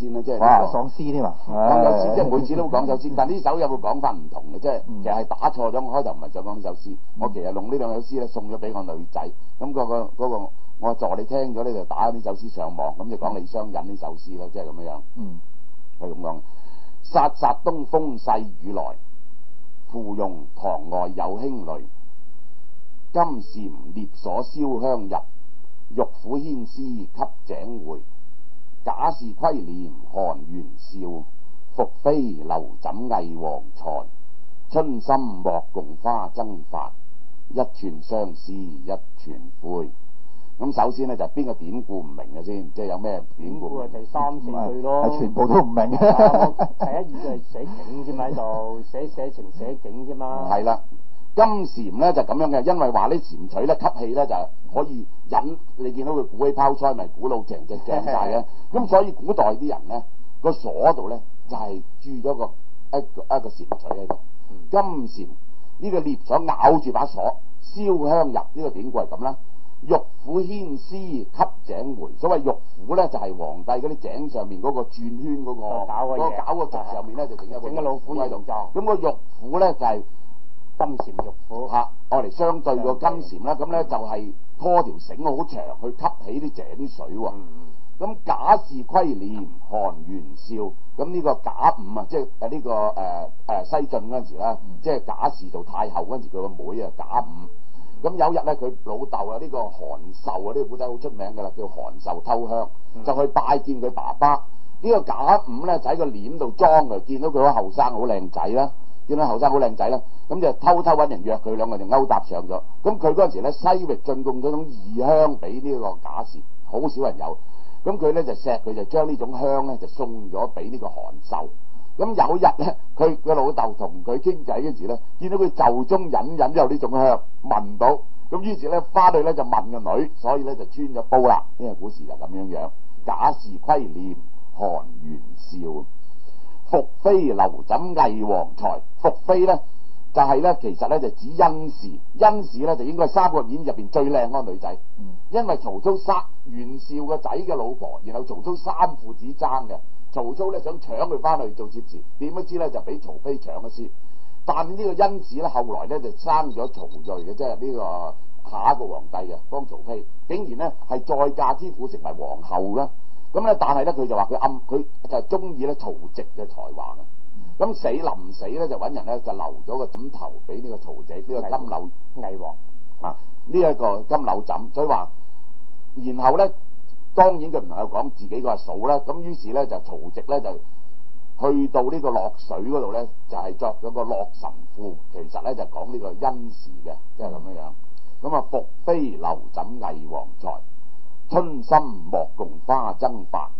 先啦，即係講喪詩添嘛，講詩 即係每次都講首詩， 但呢首有個講法唔同嘅，即係、嗯、其實係打錯咗。我開頭唔係想講呢首詩，嗯、我其實用呢兩首詩咧送咗俾我女仔。咁、那、嗰個、那個那個、我助你聽咗呢，就打呢首詩上網，咁就講李商隱呢首詩啦，即係咁樣。嗯，係咁講。颯颯東風細雨來，芙蓉塘外有輕雷。金蟾嚙鎖燒香，香入，玉虎牽絲，絲汲井回。賈氏窺簾韓掾少，宓妃留枕魏王才。春心莫共花爭發，一寸相思一寸灰。咁首先呢就邊個典故唔明嘅先，即係有咩典故啊？第三四句咯，係全部都唔明嘅。第一二句係寫景啫嘛，喺度寫寫情寫景啫嘛。係啦。金蟾咧就咁、是、樣嘅，因為話啲蟾蜍咧吸氣咧就可以引你見到佢鼓起泡腮，咪鼓到，成隻脹曬嘅。咁所以古代啲人咧、那個鎖度咧就係鑄咗個一個一個蟾蜍喺度。嗯、金蟾呢、這個齧鎖咬住把鎖，燒香入呢、這個典故係咁啦。玉虎牽絲汲井回，所謂玉虎咧就係、是、皇帝嗰啲井上面嗰個轉圈嗰、那個嗰個攪個腳上面咧就整一整個，個老虎咁個玉虎咧就係、是。金蟾玉虎，嚇，我哋、啊、相對個金蟾蠐咧，咁咧就係拖條繩好長去吸起啲井水喎。咁賈、嗯、氏窺簾韓掾少，咁呢個賈午啊，即係呢個誒誒西晉嗰陣時啦，即係賈氏做太后嗰陣時，佢個妹啊，賈午。咁、嗯、有一日咧，佢老豆啊，呢、這個韓壽啊，呢、這個古仔好、這個、出名㗎啦，叫韓壽偷香，嗯、就去拜見佢爸爸。這個、呢個賈午咧，喺個簾度裝㗎，見到佢好後生，好靚仔啦。見到後生好靚仔啦，咁就偷偷揾人約佢兩個就勾搭上咗。咁佢嗰陣時咧，西域進貢嗰種異香俾呢個賈氏，好少人有。咁佢呢就錫佢，就將呢種香呢就送咗俾呢個韓壽。咁有日呢，佢個老豆同佢傾偈嗰時呢，見到佢袖中隱隱有呢種香，聞到。咁於是呢，花女呢就問個女，所以呢就穿咗煲啦。呢個古時就咁樣樣，賈氏窺簾韓掾少。宓妃留枕魏王才，宓妃呢，就係、是、呢。其實呢，就是、指甄氏，甄氏呢，就應該係三國演義入邊最靚嗰個女仔，嗯、因為曹操殺袁紹個仔嘅老婆，然後曹操三父子爭嘅，曹操呢，想搶佢翻去做妾侍，點都知呢，就俾曹丕搶咗先，但呢個甄氏呢，後來呢，就生咗曹睿嘅，即係呢個下一個皇帝嘅、啊，幫曹丕，竟然呢，係再嫁之婦成為皇后啦。咁咧、嗯，但係咧，佢就話佢暗佢就係中意咧曹植嘅才華嘅。咁、嗯嗯、死臨死咧，就揾人咧就留咗個枕頭俾呢個曹植，呢、呢個金柳魏王啊，呢一 個金柳枕，所以話，然後咧，當然佢唔能夠講自己個嫂啦。咁於是咧，就曹植咧就去到呢個洛水嗰度咧，就係作咗個洛神賦，其實咧就是、講呢個恩事嘅，即係咁樣樣。咁、嗯、啊，宓妃留枕魏王才。春心莫共花爭發，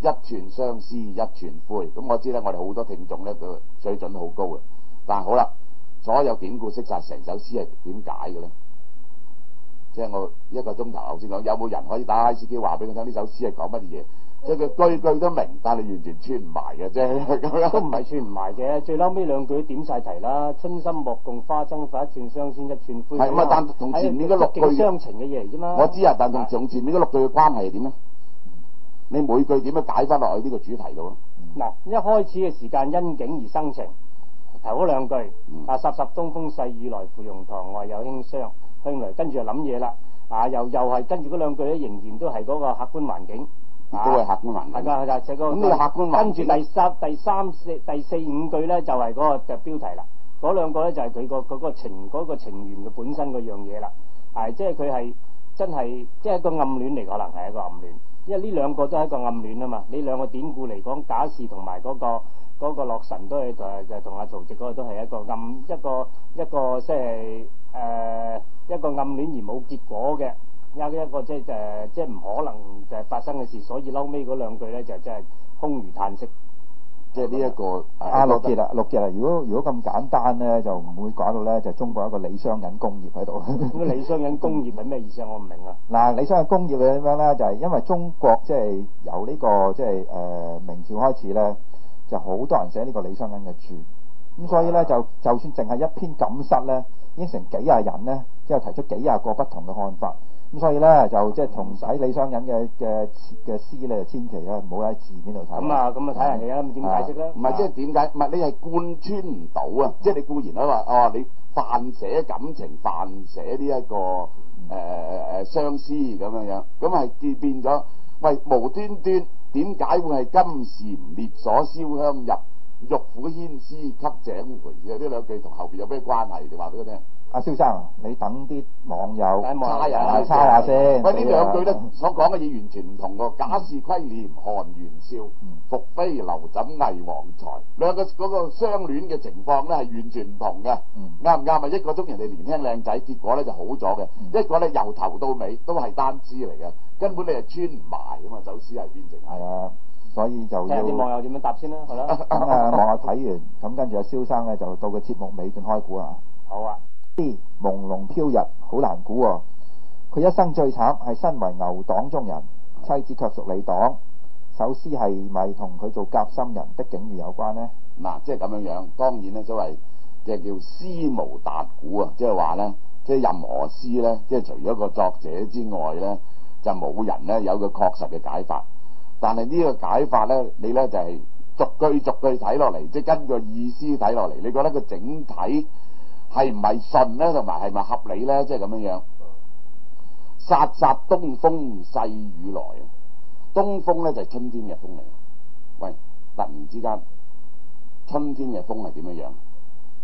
一寸相思一寸灰。咁、嗯、我知咧，我哋好多聽眾咧都水準好高啊。但係好啦，所有典故識晒成首詩係點解嘅咧？即係我一個鐘頭頭先講，有冇人可以打開手機話俾我聽詩？呢首詩係講乜嘢？即係句句都明，但係完全串唔埋嘅啫，都唔係串唔埋嘅。最嬲尾兩句點晒題啦！春心莫共花爭發，一寸相思一寸灰。係咁啊，但同前面嗰六句情嘅嘢啫嘛？我知啊，但同前面嗰六句嘅關係係點咧？你每句點樣解翻落去呢個主題度咧？嗱，一開始嘅時間因景而生情，頭嗰兩句啊，颯颯東風細雨來，芙蓉塘外有輕雷。輕嚟，跟住就諗嘢啦，啊，又又係跟住嗰兩句咧，仍然都係嗰個客觀環境。啊、都係客觀環境，咁個客觀環境跟住第三、第三四、第四五句咧，就係、是、嗰個嘅標題啦。嗰兩個咧就係、是、佢個佢嗰個情嗰個、那個情緣嘅本身嗰樣嘢啦。係即係佢係真係即係一個暗戀嚟，可能係一個暗戀，因為呢兩個都係一個暗戀啊嘛。你兩個典故嚟講，假使同埋嗰個嗰個洛、那個那個、神都係就就同阿曹植嗰個都係一個暗一個一個即係誒一個暗戀而冇結果嘅。有啲一個即係誒，即係唔可能就係發生嘅事，所以嬲尾嗰兩句咧就真、是、係空餘嘆息。即係呢一個，六日啦，六日啦。如果如果咁簡單咧，就唔會搞到咧，就是、中國一個李商隱工業喺度。咁李商隱工業係咩工意思啊？我唔明啊。嗱，李商隱工業嘅點樣咧，就係、是、因為中國即係由呢、這個即係誒明朝開始咧，就好多人寫呢個李商隱嘅註。咁所以咧的就就算淨係一篇錦瑟咧，已經成幾廿人咧，即係提出幾廿個不同嘅看法。咁所以咧就即係同使李商隱嘅嘅嘅詩咧，就千祈咧唔好喺字面度睇。咁啊，咁啊睇人氣啦，咁點解釋咧？唔係即係點解？唔係你係貫穿唔到啊！即係你固然啊話，哦你泛寫感情，泛寫呢一個誒誒、呃、相思咁樣樣，咁係變變咗。喂，無端端點解會係金蟾齧鎖燒香入，玉虎牽絲汲，汲井回？啊！呢兩句同後邊有咩關係？你話俾我聽。阿蕭生，你等啲網友猜下，猜下先。喂，呢兩句咧所講嘅嘢完全唔同喎。賈氏窺簾韓掾少，宓妃留枕魏王才。兩個嗰個相戀嘅情況咧係完全唔同嘅。啱唔啱啊？一個鐘人哋年輕靚仔，結果咧就好咗嘅。一個咧由頭到尾都係單支嚟嘅，根本你係穿唔埋咁嘛！首詩係變成係啊，所以就要啲網友點樣答先啦？係咯，啊，網友睇完咁，跟住阿蕭生咧就到個節目尾段開估啊！好啊。朦朧飄逸，好難估哦。佢一生最慘係身為牛黨中人，妻子卻屬李黨。首詩係咪同佢做夾心人的境遇有關呢？嗱，啊，即係咁樣樣。當然咧，所謂嘅叫詩無達诂啊，即係話呢，即係任何詩呢，即係除咗個作者之外呢，就冇人呢有個確實嘅解法。但係呢個解法呢，你呢就係逐句逐句睇落嚟，即係根據意思睇落嚟，你覺得個整體？係唔係順咧？同埋係咪合理咧？即係咁樣樣。颯颯東風細雨來，東風咧就係、春天嘅風嚟。喂，突然之間，春天嘅風係點樣樣？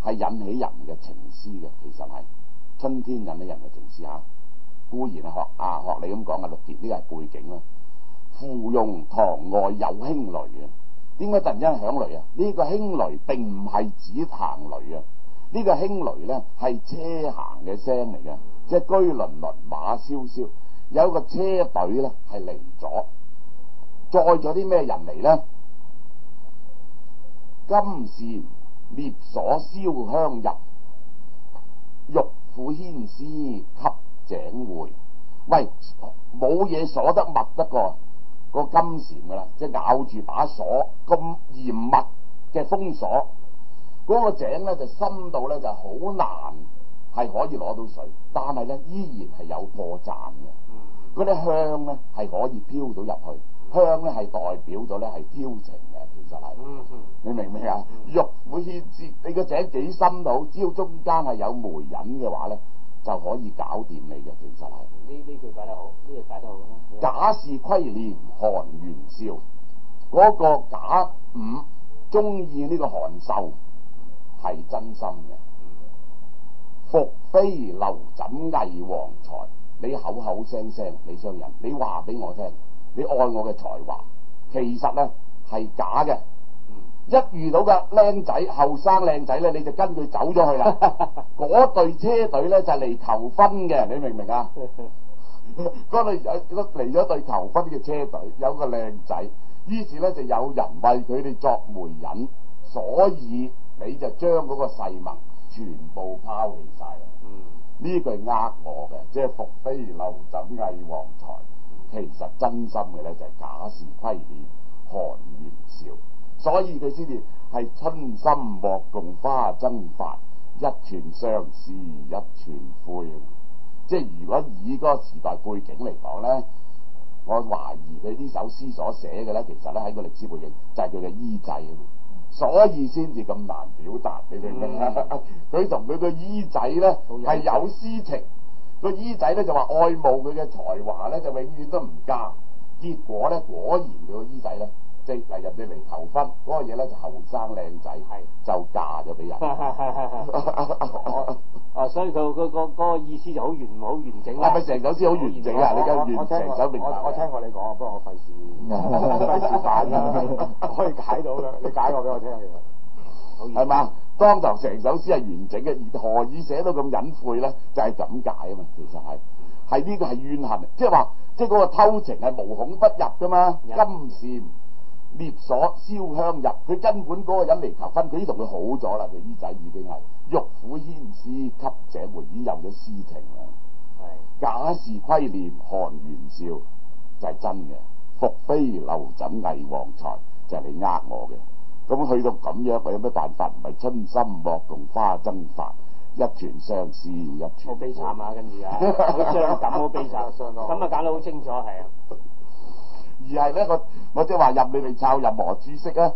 係引起人嘅情思嘅，其實係春天引起人嘅情思嚇、啊。固然學啊學你咁講嘅六傑呢個係背景啦、啊。芙蓉塘外有輕雷啊！點解突然之間響雷、這個、雷，雷啊？呢個輕雷並唔係指行雷啊！呢個輕雷呢係車行嘅聲嚟嘅，即係車輪輪馬蕭蕭。有一個車隊呢係嚟咗，載咗啲咩人嚟呢？金蟾齧鎖燒香入，玉虎牽絲汲井回。喂，冇嘢鎖得密得過個金蟾㗎啦，即係咬住把鎖咁嚴密嘅封鎖。嗰個井咧就深度咧，就好難係可以攞到水，但係咧依然係有破綻嘅。嗰啲香咧係可以飄到入去，香咧係代表咗咧係挑情嘅。其實係你明唔明啊？玉虎牽絲，你個井幾深度，只要中間係有媒引嘅話咧，就可以搞掂你嘅。其實係呢呢句解得好，呢句解得好。賈氏窺簾韓掾少，嗰個賈午中意呢個韓壽，係真心嘅，宓妃留枕魏王才，你口口聲聲李商隱，你話俾我聽，你愛我嘅才華，其實呢係假嘅。一遇到個靚仔後生靚仔呢，你就跟佢走咗去啦。嗰隊 車隊呢，就嚟、是、求婚嘅，你明唔明啊？嗰隊嚟咗隊求婚嘅車隊，有個靚仔，於是呢，就有人為佢哋作媒人，所以。你就將嗰個誓盟全部拋棄晒。啦。嗯，呢句呃我嘅，即係宓妃留枕魏王才，嗯，其實真心嘅咧就係、是、賈氏窺簾韓掾少。所以佢先至係春心莫共花爭發，一寸相思一寸灰。即係如果以嗰個時代背景嚟講咧，我懷疑佢呢首詩所寫嘅咧，其實咧喺個歷史背景就係佢嘅依制。所以先至咁難表達，你明唔明啊？佢同佢個姨仔咧，係有私情，個姨仔咧就話愛慕佢嘅才華咧，就永遠都唔嫁。結果咧果然，佢個姨仔咧即係人哋嚟求婚嗰個嘢咧，就後生靚仔，係就嫁咗俾人。 啊，所以佢佢個個意思就好完好完整啦。係咪成首詩好完整啊？你而家成首明白？我我聽過你講，不過我費事費事解啦。可以解到嘅，你解過俾我聽嘅。係嘛 思？當頭成首詩係完整嘅，而何以寫到咁隱晦咧？就係、是、咁解啊嘛。其實係係呢個係怨恨，即係話即係嗰個偷情係無孔不入噶嘛。金線。嚙鎖燒香入，佢根本嗰個人嚟求婚，佢已經同佢好咗啦。佢姨仔已經係玉虎牽絲，汲井回，已經有咗私情啦。係的賈氏窺簾韓掾少，就係、是、真嘅；宓妃留枕魏王才，就係你呃我嘅。咁、嗯、去到咁樣，我有咩辦法？唔係春心莫共花爭發，一寸相思一寸灰。好悲慘啊！跟住啊，咁好悲慘，咁啊揀得好清楚，係啊。 而係咧，我我即係話入你哋抄任何注釋啊！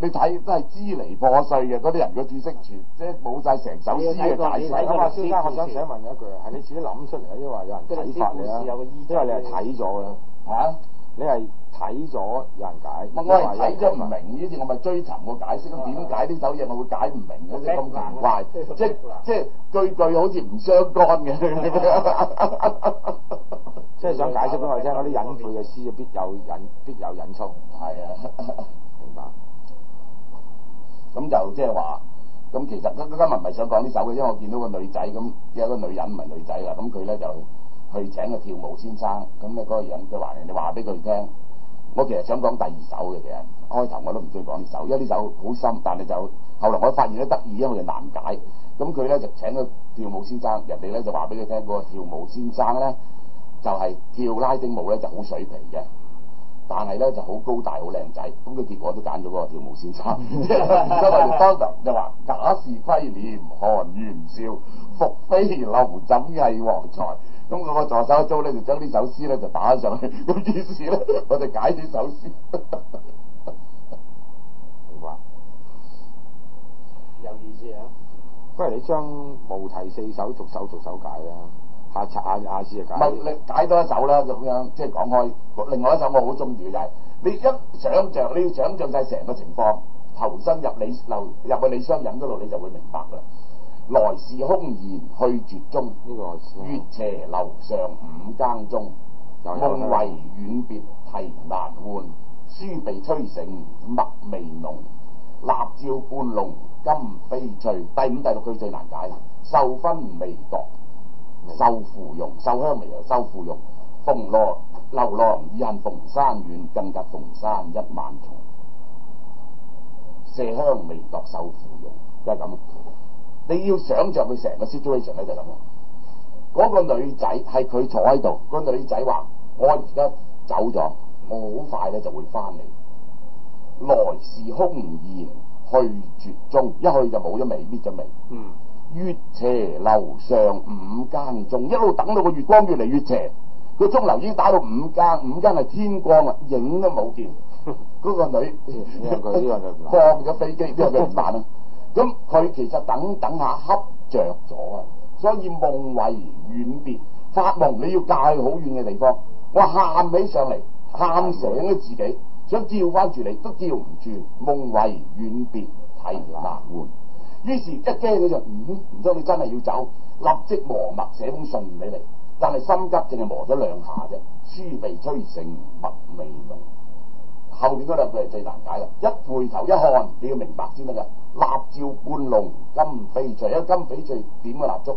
你睇都係支離破碎嘅，嗰啲人嘅注釋全即係冇晒成首詩嘅解釋。咁啊，蕭生，我想請問一句啊，係你自己諗出嚟啊，定話有人啟發你啊？因為你係睇咗嘅。嚇？你係睇咗有人解？我係睇咗唔明呢啲，我咪追尋個解釋咯。點解呢首嘢我會解唔明嘅？即係咁奇怪，即即句句好似唔相干嘅。即係想解釋俾我聽、嗯，嗰啲隱晦嘅詩必有，必有隱，必有隱衷。係是啊， 明白。咁 就即係話咁，其實今今日唔係想講呢首嘅，因為我見到個女仔咁，有一個女人唔係女仔啦，咁佢咧就去請個跳舞先生。咁咧嗰個人就話：你話俾佢聽，我其實想講第二首嘅。其實開頭我都唔中意講呢首，因為呢首好深，但係就後來我發現得得意，因為難解。咁佢咧就請個跳舞先生，人哋咧就話俾佢聽，嗰個跳舞先生咧。就係跳拉丁舞咧，就好水皮嘅，但係咧就好高大、好靚仔，咁佢結果都揀咗嗰個跳舞先生。即係我哋當時就話賈氏窺簾，韓掾少，宓妃留枕魏王才。咁佢、那個助手租咧就將呢首詩咧就打上去。咁意思咧，我就解呢首詩。好話有意思啊？不如你將《無題四首》逐首逐首解啦。阿阿阿啊，啊，啊解唔係你解多一首啦，咁樣即係講開。另外一首我好中意嘅就係你一想像，你要想像晒成個情況，投身入你流入個李商隱嗰度，你就會明白啦。來是空言去絕蹤，月斜樓上五更鐘。夢為遠別啼難喚，書被催成墨未濃。蠟照半籠金翡翠，第五第六句最難解，麝熏微度。繡芙蓉，麝熏微度繡芙蓉。蓬萊，劉郎已恨，蓬山遠，更隔蓬山一萬重。麝熏微度繡芙蓉，就係、是、咁。你要想像佢成個 situation 咧，就咁。嗰個女仔係佢坐喺度，嗰、那個女仔話：我而家走咗，我好快咧就會翻嚟。來是空言，去絕蹤，一去就冇咗味，搣咗味。嗯。月斜樓上五更仲一路等到個月光越嚟越斜，個鐘樓已經打到五更，五更係天光啦，影都冇見。嗰 個女 放咗飛機，點有佢唔慢啊？咁佢 其實等等下恰着咗啊！所以夢遺遠別，發夢你要嫁去好遠嘅地方。我喊起上嚟，喊醒咗自己，啊啊、想叫翻住你，都叫唔住。夢遺遠別啼鵲喚。於是，一驚佢就唔唔通你真係要走，立即磨墨寫封信俾你，但係心急淨係磨咗兩下啫。書被催成墨未濃，後邊嗰兩句係最難解啦。一回頭一看，你要明白先得㗎。蠟照半籠金翡翠，有金翡翠點個蠟燭，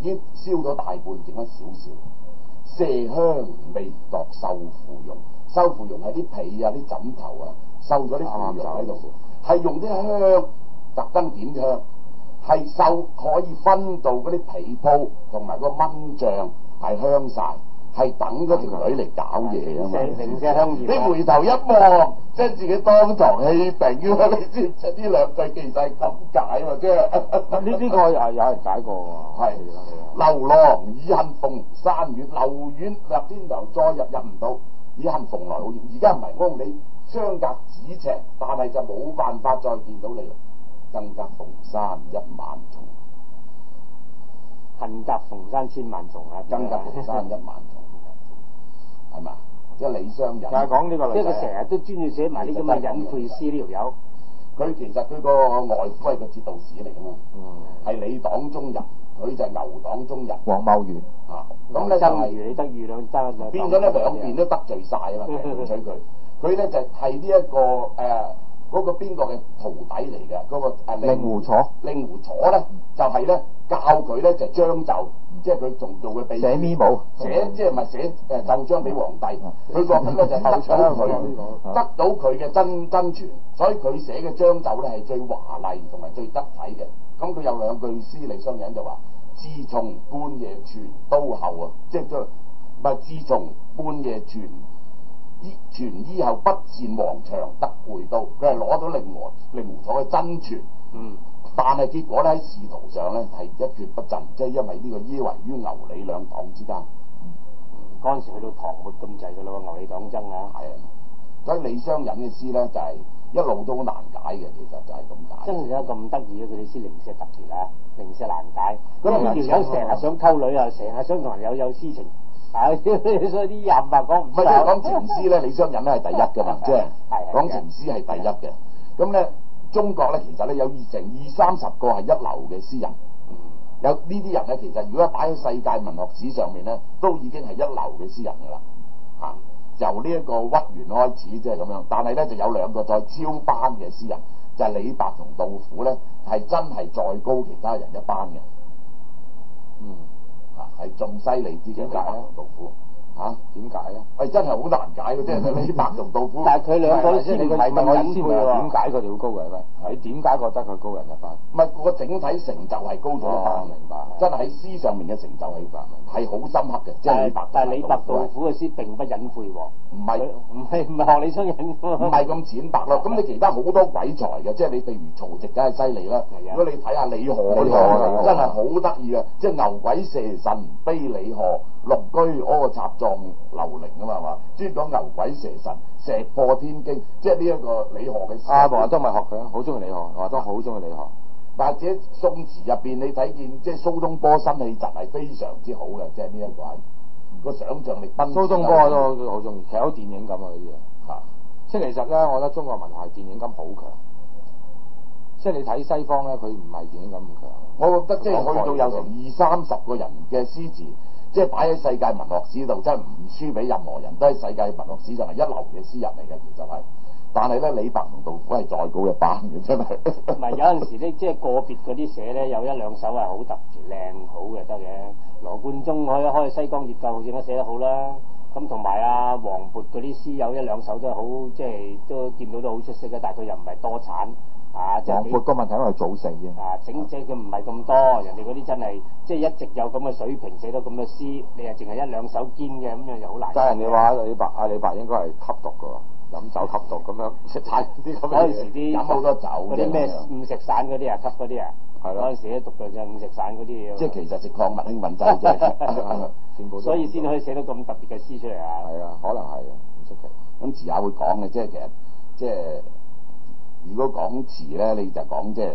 已經燒咗大半剩，剩咗少少。麝香微度繡芙蓉，繡芙蓉係啲被啊、啲枕頭啊，繡咗啲芙蓉喺度，係、啊嗯嗯、用啲香。特登點香，係秀可以分到嗰啲被鋪同埋個蚊帳係香晒，係等嗰條女嚟搞嘢啊嘛。你回頭一望，即係自己當堂氣病啊嘛！你知出呢兩句其實係咁解嘛？即係呢呢個又係有人解過，係劉郎已恨蓬山遠，流遠入天堂，再入入唔到，已恨蓬萊好遠。而家唔係安你相隔咫尺，但係就冇辦法再見到你啦。更隔蓬山一萬重，恨隔蓬山千萬重啊！更隔蓬山一萬重，係嘛？即係李商隱。就係講呢個，即係佢成日都專注寫埋呢咁嘅隱晦詩呢條友。佢其實佢個外歸個節度使嚟嘅，嗯，係李黨中人，佢就係牛黨中人。王茂元啊，咁咧、嗯嗯、就係你得魚兩爭，變咗咧兩邊都得罪晒啊嘛，得罪佢。佢咧就係呢一個誒。呃嗰個邊個嘅徒弟嚟嘅？嗰、那個、啊、令，令狐楚。令狐楚咧就係、是、咧教佢咧就章、是、奏，即係佢仲做佢秘寫咪冇寫，即係咪係寫誒奏、就是呃、章俾皇帝？佢落緊嗰就偷搶佢，得到佢嘅、啊、真真傳，所以佢寫嘅章奏咧係最華麗同埋最得體嘅。咁佢有兩句詩嚟，商隱就話：自從半夜傳刀後啊，即係將唔係自從半夜傳。全伊後不善王場得背刀，佢係攞到令和令狐楚嘅真傳，嗯，但係結果咧喺仕途上咧係一蹶不振，即係因為呢個依為於牛李兩黨之間，嗯，嗰陣時去到唐末咁滯噶啦喎，牛李黨爭啊，係啊，所以李商隱嘅詩咧就係、是、一路都好難解嘅，其實就係咁解。真係有咁得意嘅佢啲詩零舍特別啦、啊，零舍、啊、難解。咁啊，佢成日想溝女啊，成日想同人有有私情。 所以啲人啊，講唔曬。唔係，因為講情詩咧，李商隱咧係第一嘅嘛，即係講情詩係第一嘅。咁咧，中國咧其實咧有二成二三十個係一流嘅詩人，有人呢啲人咧其實如果擺喺世界文學史上面咧，都已經係一流嘅詩人噶啦。嚇、啊，由呢一個屈原開始即係咁樣，但係咧就有兩個再超班嘅詩人，就係、是、李白同杜甫咧，係真係再高其他人一班嘅。嗯。啊，係仲犀利啲，點解咧？老虎、啊。啊。嚇點解咧？喂，真係好難解嘅，即係李白同杜甫，但係佢兩個啲詩嘅題目點解佢哋會高人？喂，你點解覺得佢高人一班？唔係，我整體成就係高咗一班。我明白。真係喺詩上面嘅成就，明白，係好深刻嘅。即係李白，但係李白同杜甫嘅詩並不隱晦喎。唔係唔係唔係學李商隱，唔係咁淺白咯。咁你其他好多鬼才嘅，即係你譬如曹植，梗係犀利啦。如果你睇下李賀，真係好得意啊。即係牛鬼蛇神悲李賀。六居嗰個集藏流靈啊嘛，嘛，諸如講牛鬼蛇神、石破天驚，即係呢一個李賀嘅詩。啊，都唔係學佢，好中意李賀。我都好中意李賀，或者宋詞入邊，你睇見即係蘇東坡，心氣質係非常之好嘅，即係呢一位、嗯、個想像力。蘇東坡都好中意，其實有電影感啊！嗰啲啊嚇，即係其實咧，我覺得中國文化係電影感好強。啊、即係你睇西方咧，佢唔係電影感咁強。嗯、我覺得即係去到有成二三十個人嘅詩詞。即係擺喺世界文學史度，真係唔輸俾任何人，都係世界文學史上係一流嘅詩人嚟嘅，其實係。但係咧，李白同杜甫係再高嘅，版嘅真係。唔 係有陣時咧、 啊，即係個別嗰啲寫咧有一兩首係好特別、靚好嘅得嘅。羅貫中可以開開《西江月》都好似都寫得好啦。咁同埋啊，黃勃嗰啲詩友一兩首都係好，即係都見到都好出色嘅，但係佢又唔係多產。啊！即係個問題因為早成嘅。啊，整即係佢唔係咁多，人哋嗰啲真係即係一直有咁嘅水平，寫到咁嘅詩，你又淨係一兩首堅嘅，咁又又好難。但係你話李白啊，李白應該係吸毒嘅喎，飲酒吸毒咁樣食餐嗰陣時啲飲好多酒，嗰啲咩五石散嗰啲啊，吸嗰啲啊，嗰陣時啲毒藥就五石散嗰啲嘢。即係其實食礦物興奮劑啫，全部都。所以先可以寫到咁特別嘅詩出嚟啊！係啊，可能係，唔出奇。咁遲下會講嘅，即係其實即係。如果講詞咧，你就講即係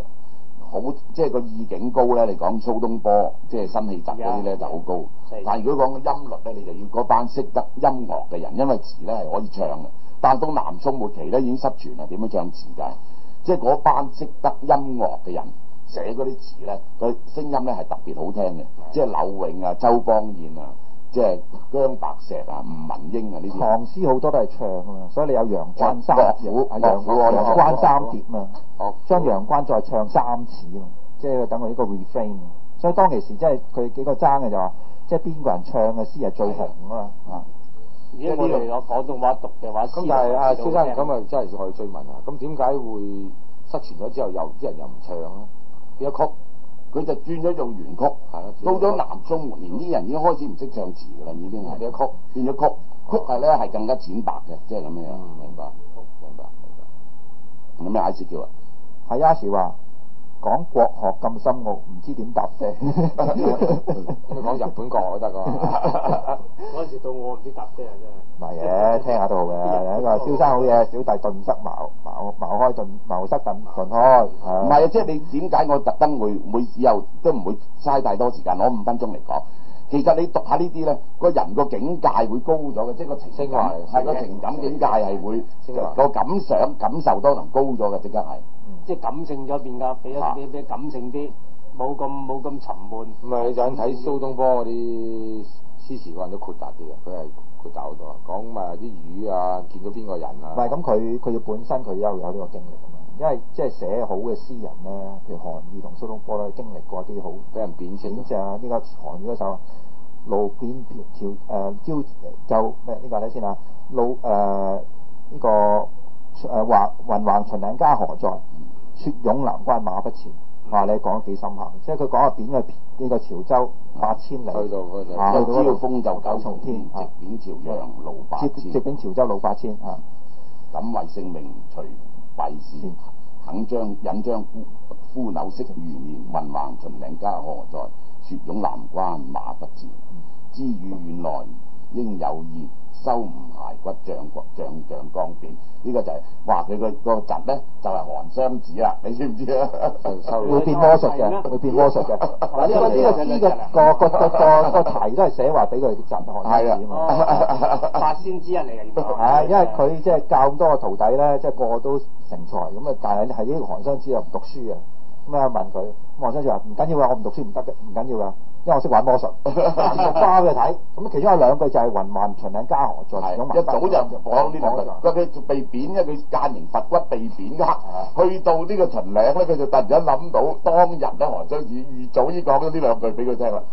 好，即係個意境高咧。你講蘇東坡，即係辛棄疾嗰啲咧就好高。Yeah, yeah, yeah, yeah. 但係如果講音律咧，你就要嗰班識得音樂嘅人，因為詞咧係可以唱嘅。但到南宋末期咧已經失傳啦，點樣唱詞㗎？即係嗰班識得音樂嘅人寫嗰啲詞咧，佢聲音咧係特別好聽嘅，Yeah. 即係柳永啊、周邦彥啊。即係姜白石啊、吳文英啊呢啲，唐詩好多都係唱啊嘛，所以你有陽關三疊啊，「陽關三疊嘛，哦，將陽、哦關，啊哦、關再唱三次咯、啊，啊、即係等佢呢個 refrain、啊。所以當其時即係佢幾個爭嘅就、啊啊、話，即係邊個人唱嘅詩係最紅啊嘛。如果我哋攞廣東話讀嘅話，咁但係阿蕭生咁啊，真係可以追問啊。咁點解會失傳咗之後又啲人又唔唱呢個曲。佢就轉咗用原曲，到咗南宋末年啲人已經開始唔識唱詞噶啦，已經係呢個曲，變咗曲，曲係咧係更加淺白嘅，即係咁樣。嗯，明白，明白，明白。有咩阿 Sir 叫啊？係啊，Sir 話講國學咁深奧，唔知點答啫。佢講日本國學都得噶嘛？嗰陣時到我唔知答聲啊，真係。唔係嘅，聽下都好嘅。一個蕭生好嘢，小弟頓失矛。茅開頓茅塞，頓茅開，唔係啊！即係你點解我特登會會以後都唔會嘥太多時間攞五分鐘嚟講？其實你讀下呢啲咧，個人個境界會高咗嘅，即係個情聖啊，係個情感境界係會聖個感想感受都能高咗嘅，即係咁，即係感性咗變㗎，比一比比感性啲，冇咁冇咁沉悶。唔係你想睇蘇東坡嗰啲詩詞，個人都闊達啲嘅，佢係。佢走咗啊！講埋啲魚啊，見到邊個人啊？唔係咁，佢佢要本身佢又有呢個經歷啊嘛，因為即係寫好嘅詩人咧，譬如韓愈同蘇東坡咧，經歷過啲好俾人貶謫，貶謫啊！呢、這個韓愈嗰首路邊邊朝朝就咩？呢個睇先啊！路誒呢、呃這個誒畫雲橫秦嶺家何在？雪擁南關馬不前。哇！你講得幾深刻，即係佢講下扁嘅呢個潮州八千里，啊，朝風就九重天，直扁潮陽老八千。直扁潮州老八千啊！敢為姓名除弊事，肯將忍將孤孤柳式。餘年，雲橫秦嶺家何在？雪擁南關馬不前，知與原來應有意，收吾骸骨仗國仗江邊。呢個就係哇！佢個個姪呢就係。雙啊，你知唔知啊？ 會變魔術嘅，會變魔術嘅。嗱，因為呢個呢、 呢個 個個個個題都係寫話俾佢習學湘子啊嘛。八仙之一嚟嘅，係啊， 因為佢即係教咁多個徒弟咧，即、就、係、是、個，個個都成才咁啊。但係係呢個韓湘子又唔讀書嘅，咁啊問佢，韓湘子話唔緊要啊，我唔讀書唔得嘅，唔緊要㗎。因為我識玩魔術，花佢睇，咁 其中有兩句就係雲橫秦嶺家何在，是一早就講呢兩句。佢、這個、術被貶，因為佢諫迎佛骨被貶噶，的去到呢個秦嶺咧，佢就突然間諗到當日咧，韓湘子預早已經講咗呢兩句俾佢聽啦。